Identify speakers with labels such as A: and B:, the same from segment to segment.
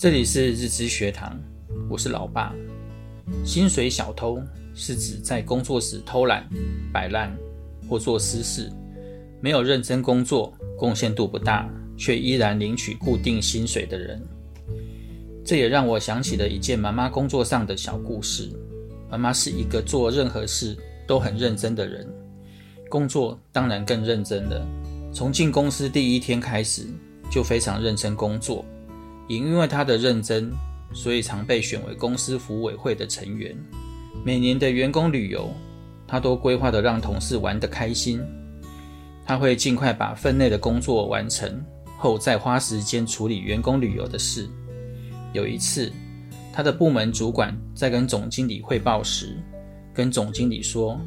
A: 這裡是日知學堂，我是老爸。薪水小偷是指在工作時偷懶、擺爛或做私事，沒有認真工作、貢獻度不大，卻依然領取固定薪水的人。這也讓我想起了一件媽媽工作上的小故事。媽媽是一個做任何事都很認真的人，工作當然更認真了。從進公司第一天開始，就非常認真工作。也因為他的認真，所以常被選為公司福委會的成員。每年的員工旅遊，他都規劃得讓同事玩得開心。他會盡快把分內的工作完成後再花時間處理員工旅遊的事。有一次，他的部門主管在跟總經理匯報時，跟總經理說：“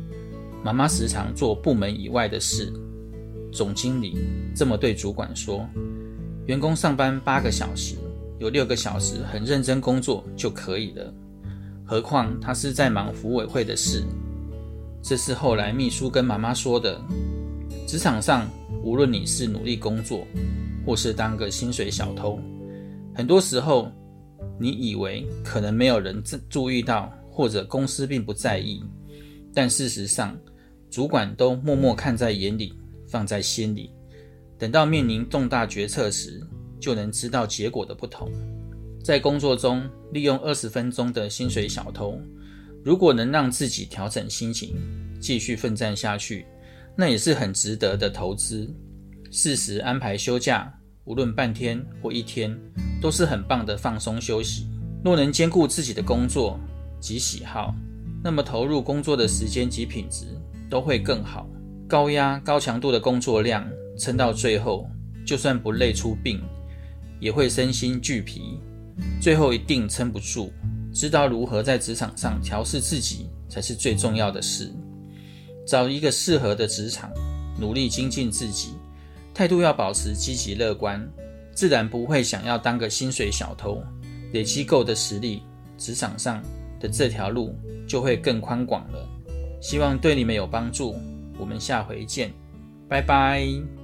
A: 媽媽時常做部門以外的事。”總經理這麼對主管說：“員工上班八個小時。”有六個小時，很認真工作就可以了。何況他是在忙服委會的事。這是後來秘書跟媽媽說的。職場上，無論你是努力工作，或是當個薪水小偷，很多時候你以為可能沒有人注意到，或者公司並不在意，但事實上，主管都默默看在眼裡，放在心裡。等到面臨重大決策時，就能知道結果的不同。在工作中利用二十分鐘的薪水小偷，如果能讓自己調整心情，繼續奮戰下去，
B: 那也是很
A: 值得的投資。適時安排休假，無論半天或一天，都是很棒的放鬆休息。若能兼顧自己的工作及喜好，那麼投入工作的時間及品質都會更好。高壓高強度的工作量，撐到最後，就算不累出病，也會身心俱疲，最後一定撐不住。知道如何在職場上調適自己，才是最重要的事。找一個適合的職場，努力精進自己，態度要保持積極樂觀，自然不會想要當個薪水小偷。累積夠的實力，職場上的這條路就會更寬廣了。希望對你們有幫助。我們下回見，拜拜。